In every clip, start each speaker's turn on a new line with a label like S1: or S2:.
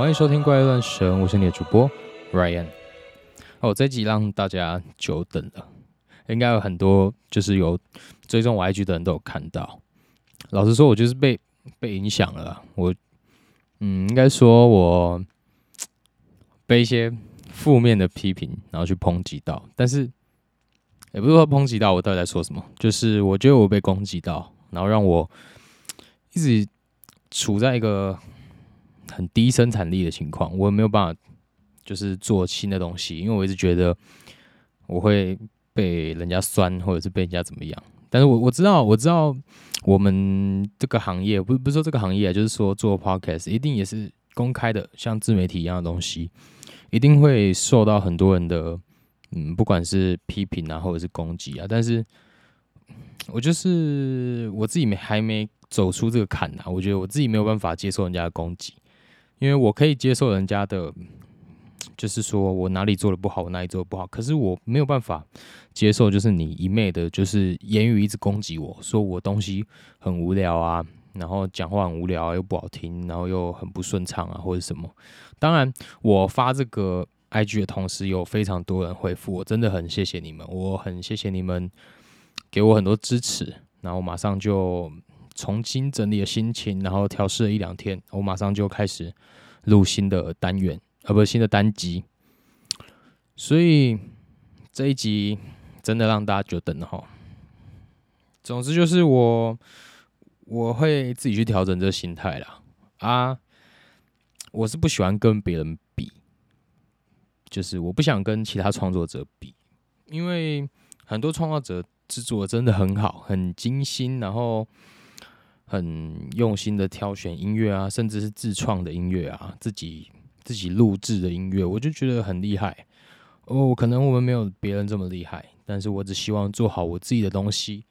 S1: 歡迎收聽《怪力亂神》，我是你的主播 Ryan。哦，這集讓大家久等了，應該有很多就是有追蹤我 IG 的人都有看到。老實說，我就是被被影響了。我，嗯，應該說我被一些負面的批評，然後去抨擊到。但是也不是說抨擊到我到底在說什麼，就是我覺得我被攻擊到，然後讓我一直處在一個。很低生產力的情況，我沒有辦法就是做新的東西，因為我一直覺得我會被人家酸，或者是被人家怎麼樣。但是我我知道，我知道我們這個行業，不不是說這個行業，就是說做 podcast 一定也是公開的，像自媒體一樣的東西，一定會受到很多人的，嗯，不管是批評啊，或者是攻擊啊。但是，我就是我自己沒還沒走出這個坎啊，我覺得我自己沒有辦法接受人家的攻擊。因為我可以接受人家的，就是說我哪裡做得不好，我哪裡做得不好。可是我沒有辦法接受，就是你一昧的，就是言語一直攻擊我說我東西很無聊啊，然後講話很無聊啊，又不好聽，然後又很不順暢啊，或者什麼。當然，我發這個 IG 的同時，有非常多人回復我，真的很謝謝你們，我很謝謝你們給我很多支持。然後我馬上就。重新整理了心情，然後調試了一兩天，我馬上就開始錄新的單元，而、啊、不是新的單集。所以這一集真的讓大家久等了哈。總之就是我我會自己去調整這個心態了啊。我是不喜歡跟別人比，就是我不想跟其他創作者比，因為很多創作者制作真的很好，很精心，然後。很用心的挑選音樂啊，甚至是自創的音樂啊，自己自己錄製的音樂，我就覺得很厲害。哦，可能我們沒有別人這麼厲害，但是我只希望做好我自己的東西，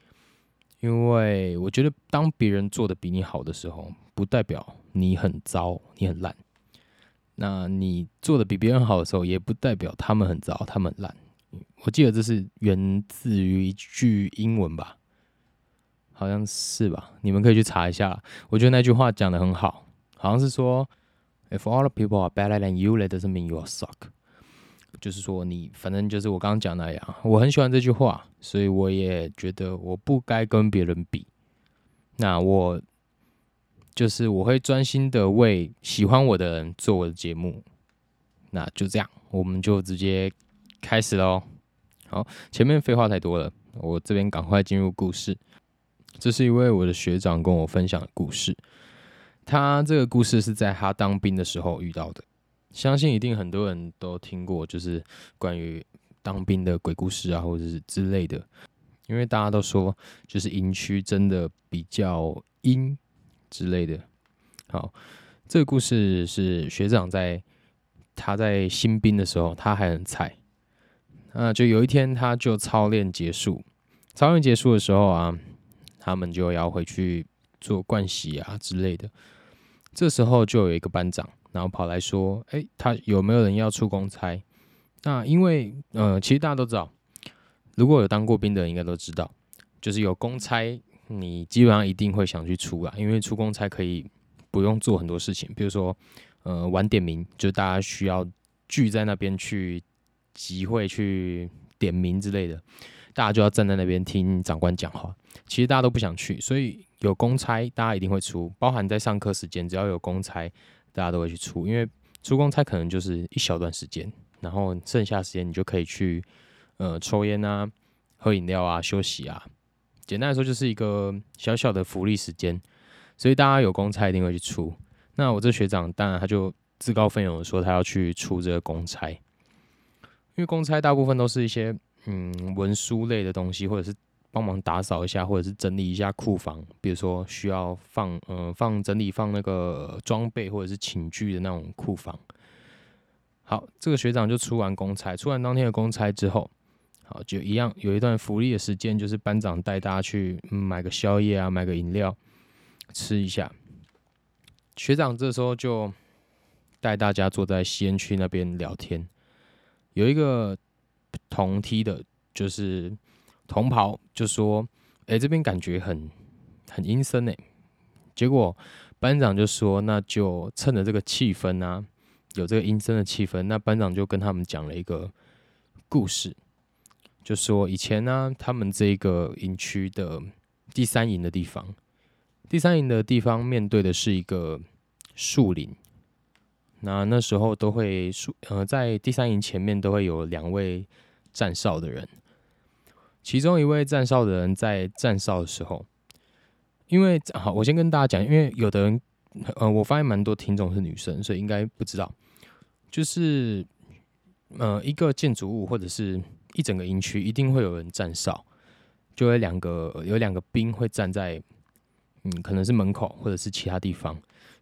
S1: 因為我覺得當別人做的比你好的時候，不代表你很糟，你很爛；那你做的比別人好的時候，也不代表他們很糟，他們爛。我記得這是源自於一句英文吧。好像是吧？你們可以去查一下。我覺得那句話講得很好，好像是說：“If all the people are better than you, that doesn't mean you are suck。”就是說你，你反正就是我剛剛講那樣。我很喜歡這句話，所以我也覺得我不該跟別人比。那我就是我會專心的為喜歡我的人做我的節目。那就這樣，我們就直接開始嘍。好，前面廢話太多了，我這邊趕快進入故事。這是一位我的學長跟我分享的故事。他這個故事是在他當兵的時候遇到的，相信一定很多人都聽過，就是關於當兵的鬼故事啊，或者是之類的。因為大家都說，就是營區真的比較陰之類的。好，這個故事是學長在他在新兵的時候，他還很菜。那、啊、就有一天，他就操練結束，操練結束的時候啊。他們就要回去做盥洗啊之類的。這時候就有一個班長，然後跑來說：“哎，他有沒有人要出公差？”那因為，呃，其實大家都知道，如果有當過兵的人應該都知道，就是有公差，你基本上一定會想去出啊，因為出公差可以不用做很多事情，比如說，呃，晚點名，就是、大家需要聚在那邊去集會去點名之類的。大家就要站在那邊聽長官講話，其實大家都不想去，所以有公差大家一定會出，包含在上課時間，只要有公差，大家都會去出，因為出公差可能就是一小段時間，然後剩下的時間你就可以去，呃，抽菸啊，喝飲料啊，休息啊，簡單來說就是一個小小的福利時間，所以大家有公差一定會去出。那我這學長當然他就自告奮勇說他要去出這個公差，因為公差大部分都是一些。嗯，文書類的東西，或者是幫忙打掃一下，或者是整理一下庫房，比如說需要放，嗯、呃，放整理放那個裝備或者是寢具的那種庫房。好，這個學長就出完公差，出完當天的公差之後，好，就一樣有一段福利的時間，就是班長帶大家去、嗯、買個宵夜啊，買個飲料吃一下。學長這時候就帶大家坐在吸煙區那邊聊天，有一個。同梯的，就是同袍，就說，哎、欸，這邊感覺很很陰森哎、欸。結果班長就說，那就趁着這個氣氛啊，有這個陰森的氣氛，那班長就跟他們講了一個故事，就說以前呢、啊，他們這個營區的第三營的地方，第三營的地方面對的是一個樹林。那那時候都會數，呃，在第三營前面都會有兩位站哨的人，其中一位站哨的人在站哨的時候，因為，好，我先跟大家講，因為有的人，呃，我發現蠻多聽眾是女生，所以應該不知道，就是，呃，一個建築物或者是一整個營區一定會有人站哨，就會兩個有兩個兵會站在。嗯，可能是門口或者是其他地方，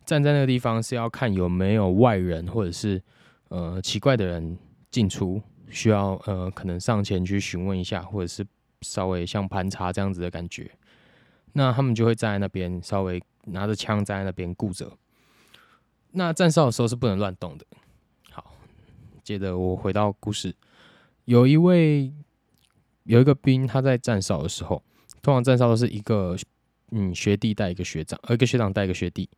S1: 站在那個地方是要看有沒有外人或者是呃奇怪的人進出，需要呃可能上前去詢問一下，或者是稍微像盤查這樣子的感覺。那他們就會站在那邊，稍微拿着槍站在那邊顧着。那站哨的時候是不能亂動的。好，接着我回到故事，有一位有一個兵他在站哨的時候，通常站哨都是一個。嗯，學弟帶一個學長，呃，一個學長帶一個學弟，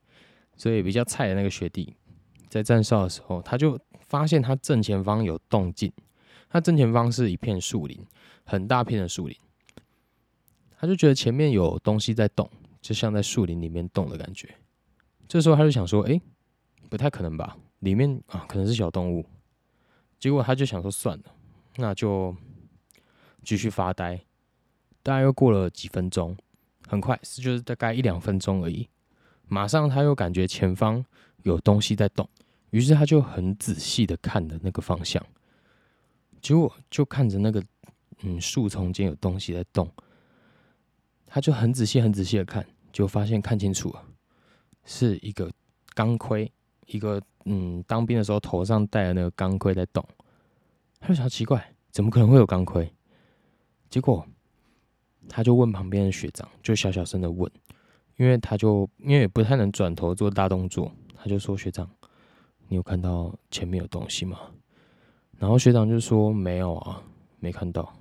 S1: 所以比較菜的那個學弟在站哨的時候，他就發現他正前方有動靜，他正前方是一片樹林，很大片的樹林，他就覺得前面有東西在動，就像在樹林裡面動的感覺。這時候他就想說：“哎，不太可能吧？裡面啊，可能是小動物。”結果他就想說：“算了，那就繼續發呆。”大概又過了幾分鐘。很快是就是大概一兩分鐘而已，馬上他又感覺前方有東西在動，於是他就很仔細的看的那個方向，結果就看着那個嗯樹叢間有東西在動，他就很仔細很仔細的看，就發現看清楚了，是一個鋼盔，一個嗯當兵的時候頭上戴的那個鋼盔在動，他就想奇怪，怎麼可能會有鋼盔？結果。他就問旁邊的學長，就小小聲的問，因為他就因為也不太能轉頭做大動作，他就說學長，你有看到前面有東西嗎？然後學長就說沒有啊，沒看到。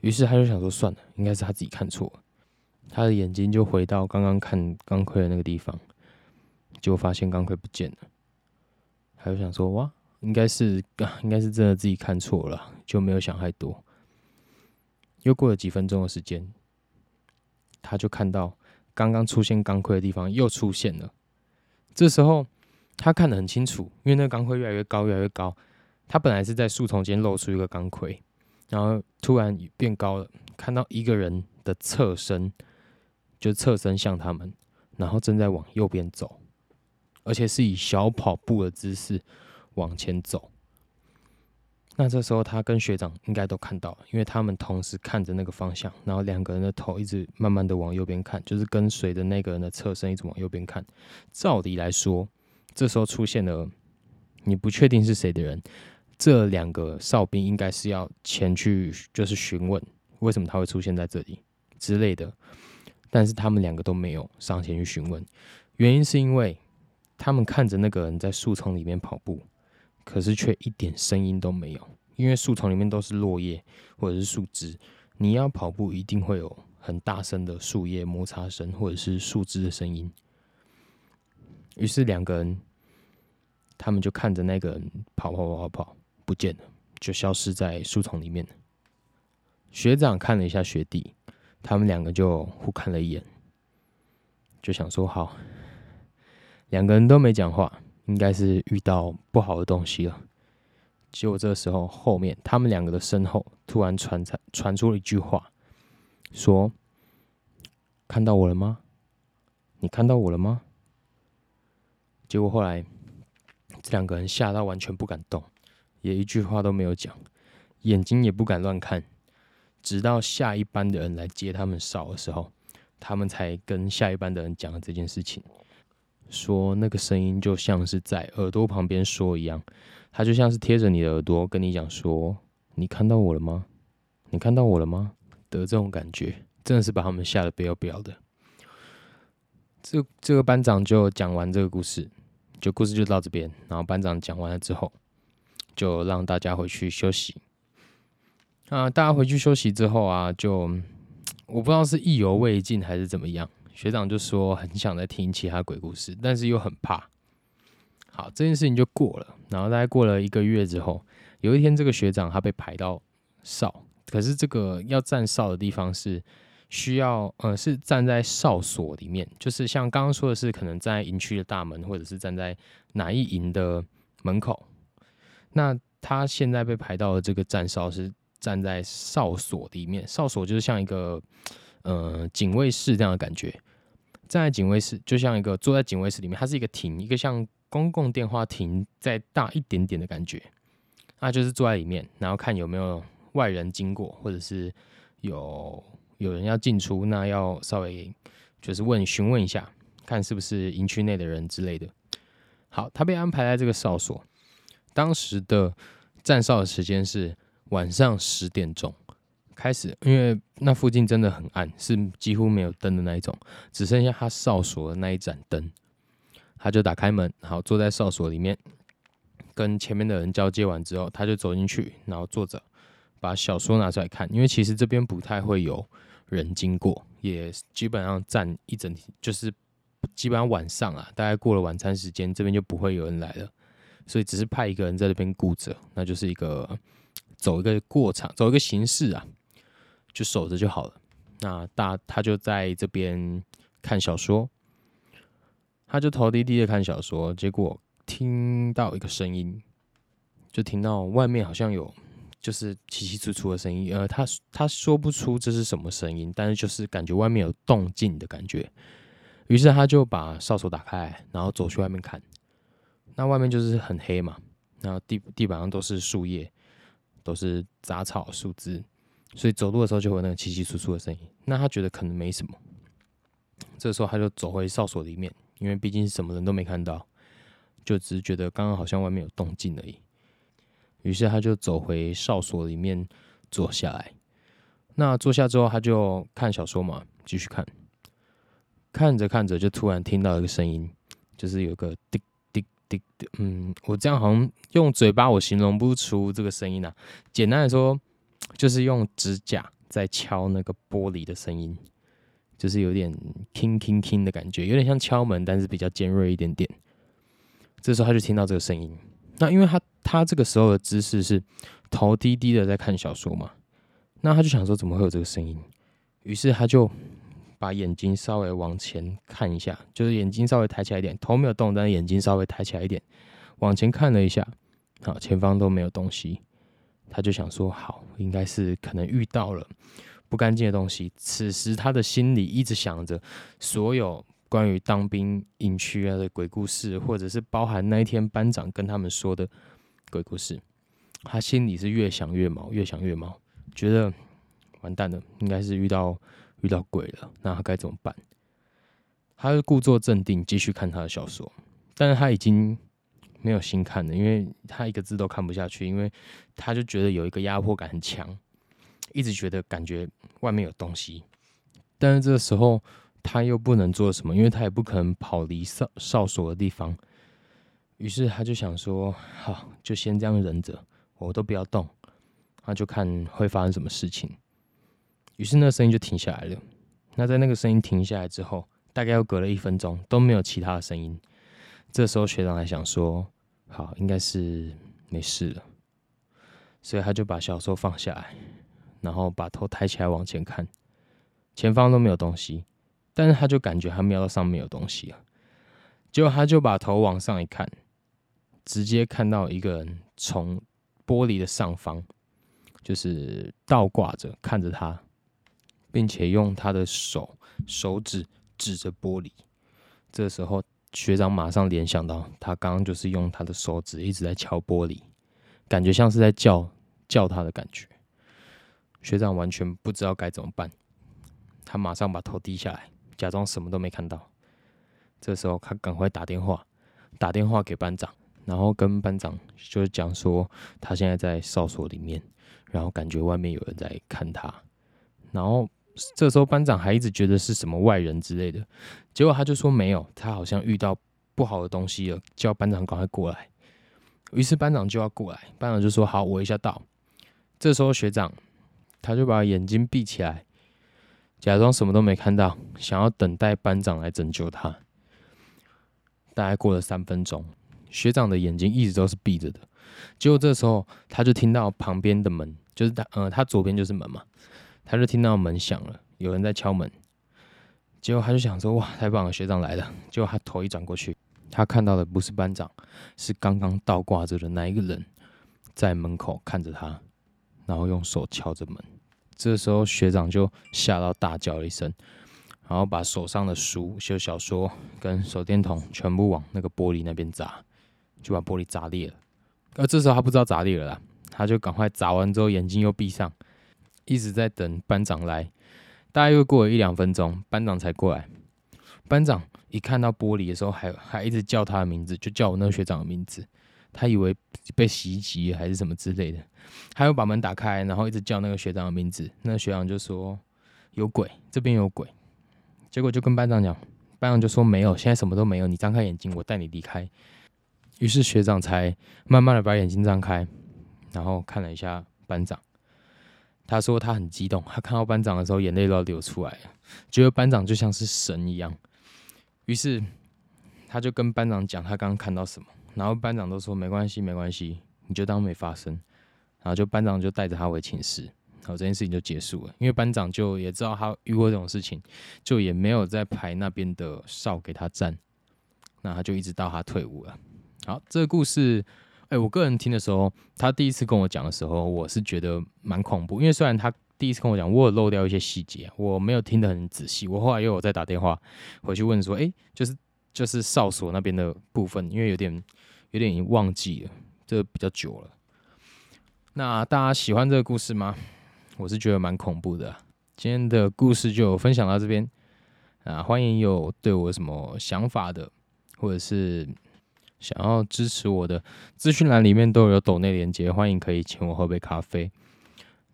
S1: 於是他就想說算了，應該是他自己看錯了。他的眼睛就回到剛剛看鋼盔的那個地方，結果發現鋼盔不見了。他就想說哇，應該是應該是真的自己看錯了，就沒有想太多。又過了幾分鐘的時間，他就看到剛剛出現鋼盔的地方又出現了。這時候他看得很清楚，因為那個鋼盔越來越高，越來越高。他本來是在樹叢間露出一個鋼盔，然後突然變高了，看到一個人的側身，就是側身向他們，然後正在往右邊走，而且是以小跑步的姿勢往前走。那這時候，他跟學長應該都看到了，因為他們同時看着那個方向，然後兩個人的頭一直慢慢的往右邊看，就是跟隨着那個人的側身一直往右邊看。照理來說，這時候出現了你不確定是誰的人，這兩個哨兵應該是要前去就是詢問為什麼他會出現在這裡之類的，但是他們兩個都沒有上前去詢問，原因是因為他們看着那個人在樹叢裡面跑步。可是卻一點聲音都沒有，因為樹叢裡面都是落葉或者是樹枝，你要跑步一定會有很大聲的樹葉摩擦聲或者是樹枝的聲音。於是兩個人，他們就看着那個人跑跑跑跑跑，不見了，就消失在樹叢裡面了。學長看了一下學弟，他們兩個就互看了一眼，就想說好，兩個人都沒講話。應該是遇到不好的東西了，結果這個時候後面他們兩個的身後突然傳傳出了一句話，說：“看到我了嗎？你看到我了嗎？”結果後來，這兩個人嚇到完全不敢動，也一句話都沒有講，眼睛也不敢亂看，直到下一班的人來接他們哨的時候，他們才跟下一班的人講了這件事情。說那個聲音就像是在耳朵旁邊說一樣，他就像是貼着你的耳朵跟你講說：“你看到我了嗎？你看到我了嗎？”的這種感覺，真的是把他們嚇得不要不要的。這這個班長就講完這個故事，就故事就到這邊。然後班長講完了之後，就讓大家回去休息。啊，大家回去休息之後啊，就我不知道是意猶未盡還是怎麼樣。學長就說很想再聽其他鬼故事，但是又很怕。好，這件事情就過了。然後大概過了一個月之後，有一天這個學長他被排到哨，可是這個要站哨的地方是需要，呃，是站在哨所裡面，就是像剛剛說的是可能站在營區的大門，或者是站在哪一營的門口。那他現在被排到的這個站哨是站在哨所裡面，哨所就是像一個呃警衛室這樣的感覺。站在警衛室，就像一個坐在警衛室裡面，它是一個亭，一個像公共電話亭再大一點點的感覺。那就是坐在裡面，然後看有沒有外人經過，或者是有有人要進出，那要稍微就是問，詢問一下，看是不是營區內的人之類的。好，他被安排在這個哨所，當時的站哨的時間是晚上十點鐘。開始，因為那附近真的很暗，是幾乎沒有燈的那一種，只剩下他哨所的那一盞燈。他就打開門，然後坐在哨所裡面，跟前面的人交接完之後，他就走進去，然後坐着把小說拿出來看。因為其實這邊不太會有人經過，也基本上站一整天，就是基本上晚上啊，大概過了晚餐時間，這邊就不會有人來了，所以只是派一個人在這邊顧着，那就是一個走一個過場，走一個形式啊。就守着就好了。那大他就在這邊看小說，他就頭低低的看小說，結果聽到一個聲音，就聽到外面好像有，就是起起出出的聲音。呃，他他說不出這是什麼聲音，但是就是感覺外面有動靜的感覺。於是他就把哨所打開，然後走去外面看。那外面就是很黑嘛，然後地地板上都是樹葉，都是雜草樹枝。所以走路的時候就會有那個窸窸窣窣的聲音，那他覺得可能沒什麼。這個時候他就走回哨所裡面，因為畢竟什麼人都沒看到，就只是覺得剛剛好像外面有動靜而已。於是他就走回哨所裡面坐下來。那坐下之後，他就看小說嘛，繼續看。看着看着，就突然聽到一個聲音，就是有個滴滴滴滴，嗯，我這樣好像用嘴巴我形容不出這個聲音啊。簡單的說。就是用指甲在敲那個玻璃的聲音，就是有點 “king king king” 的感覺，有點像敲門，但是比較尖銳一點點。這時候他就聽到這個聲音，那因為他他這個時候的姿勢是頭低低的在看小說嘛，那他就想說怎麼會有這個聲音？於是他就把眼睛稍微往前看一下，就是眼睛稍微抬起來一點，頭沒有動，但是眼睛稍微抬起來一點，往前看了一下，好，前方都沒有東西。他就想說，好，應該是可能遇到了不乾淨的東西。此時，他的心裡一直想着所有關於當兵營區啊的鬼故事，或者是包含那一天班長跟他們說的鬼故事。他心裡是越想越毛，越想越毛，覺得完蛋了，應該是遇到遇到鬼了。那他該怎麼辦？他就故作鎮定，繼續看他的小說，但是他已經。沒有心看的，因為他一個字都看不下去，因為他就覺得有一個壓迫感很強，一直覺得感覺外面有東西，但是這個時候他又不能做什麼，因為他也不可能跑離哨哨所的地方，於是他就想說，好，就先這樣忍着，我都不要動，那就看會發生什麼事情。於是那個聲音就停下來了。那在那個聲音停下來之後，大概又隔了一分鐘，都沒有其他的聲音。這個時候學長還想說。好，應該是沒事了，所以他就把小說放下來，然後把頭抬起來往前看，前方都沒有東西，但是他就感覺他瞄到上面有東西了，結果他就把頭往上一看，直接看到一個人從玻璃的上方，就是倒掛着看着他，並且用他的手手指指着玻璃，這個時候。學長馬上聯想到，他剛剛就是用他的手指一直在敲玻璃，感覺像是在叫叫他的感覺。學長完全不知道該怎麼辦，他馬上把頭低下來，假裝什麼都沒看到。這時候，他趕快打電話，打電話給班長，然後跟班長就是講說，他現在在哨所裡面，然後感覺外面有人在看他，然後。這時候班長還一直覺得是什麼外人之類的，結果他就說沒有，他好像遇到不好的東西了，叫班長趕快過來。於是班長就要過來，班長就說好，我一下到。這時候學長他就把眼睛閉起來，假裝什麼都沒看到，想要等待班長來拯救他。大概過了三分鐘，學長的眼睛一直都是閉着的，結果這時候他就聽到旁邊的門，就是他，呃，他左邊就是門嘛。他就聽到門響了，有人在敲門。結果他就想說：“哇，太棒了，學長來了。”結果他頭一轉過去，他看到的不是班長，是剛剛倒掛着的那一個人在門口看着他，然後用手敲着門。這時候學長就嚇到大叫了一聲，然後把手上的書（就小說）跟手電筒全部往那個玻璃那邊砸，就把玻璃砸裂了。而這時候他不知道砸裂了啦，他就趕快砸完之後眼睛又閉上。一直在等班長來，大概又過了一兩分鐘，班長才過來。班長一看到玻璃的時候，還還一直叫他的名字，就叫我那個學長的名字。他以為被襲擊還是什麼之類的，他又把門打開，然後一直叫那個學長的名字。那學長就說：“有鬼，這邊有鬼。”結果就跟班長講，班長就說：“沒有，現在什麼都沒有。你張開眼睛，我帶你離開。”於是學長才慢慢的把眼睛張開，然後看了一下班長。他說他很激動，他看到班長的時候眼淚都要流出來了，覺得班長就像是神一樣。於是他就跟班長講他剛剛看到什麼，然後班長都說沒關係，沒關係，你就當沒發生。然後就班長就帶着他回寢室，然後這件事情就結束了。因為班長就也知道他遇過這種事情，就也沒有再排那邊的哨給他站。那他就一直到他退伍了。好，這個故事。欸，我個人聽的時候，他第一次跟我講的時候，我是覺得蠻恐怖，因為雖然他第一次跟我講，我有漏掉一些細節，我沒有聽得很仔細。我後來又有在打電話回去問說，哎、欸，就是就是哨所那邊的部分，因為有點有點已經忘記了，這比較久了。那大家喜歡這個故事嗎？我是覺得蠻恐怖的啊。今天的故事就分享到這邊啊，歡迎有對我有什麼想法的，或者是。想要支持我的資訊欄裡面都有斗內連結。歡迎可以請我喝杯咖啡。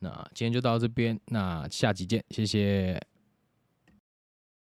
S1: 那今天就到這邊，那下集見，謝謝。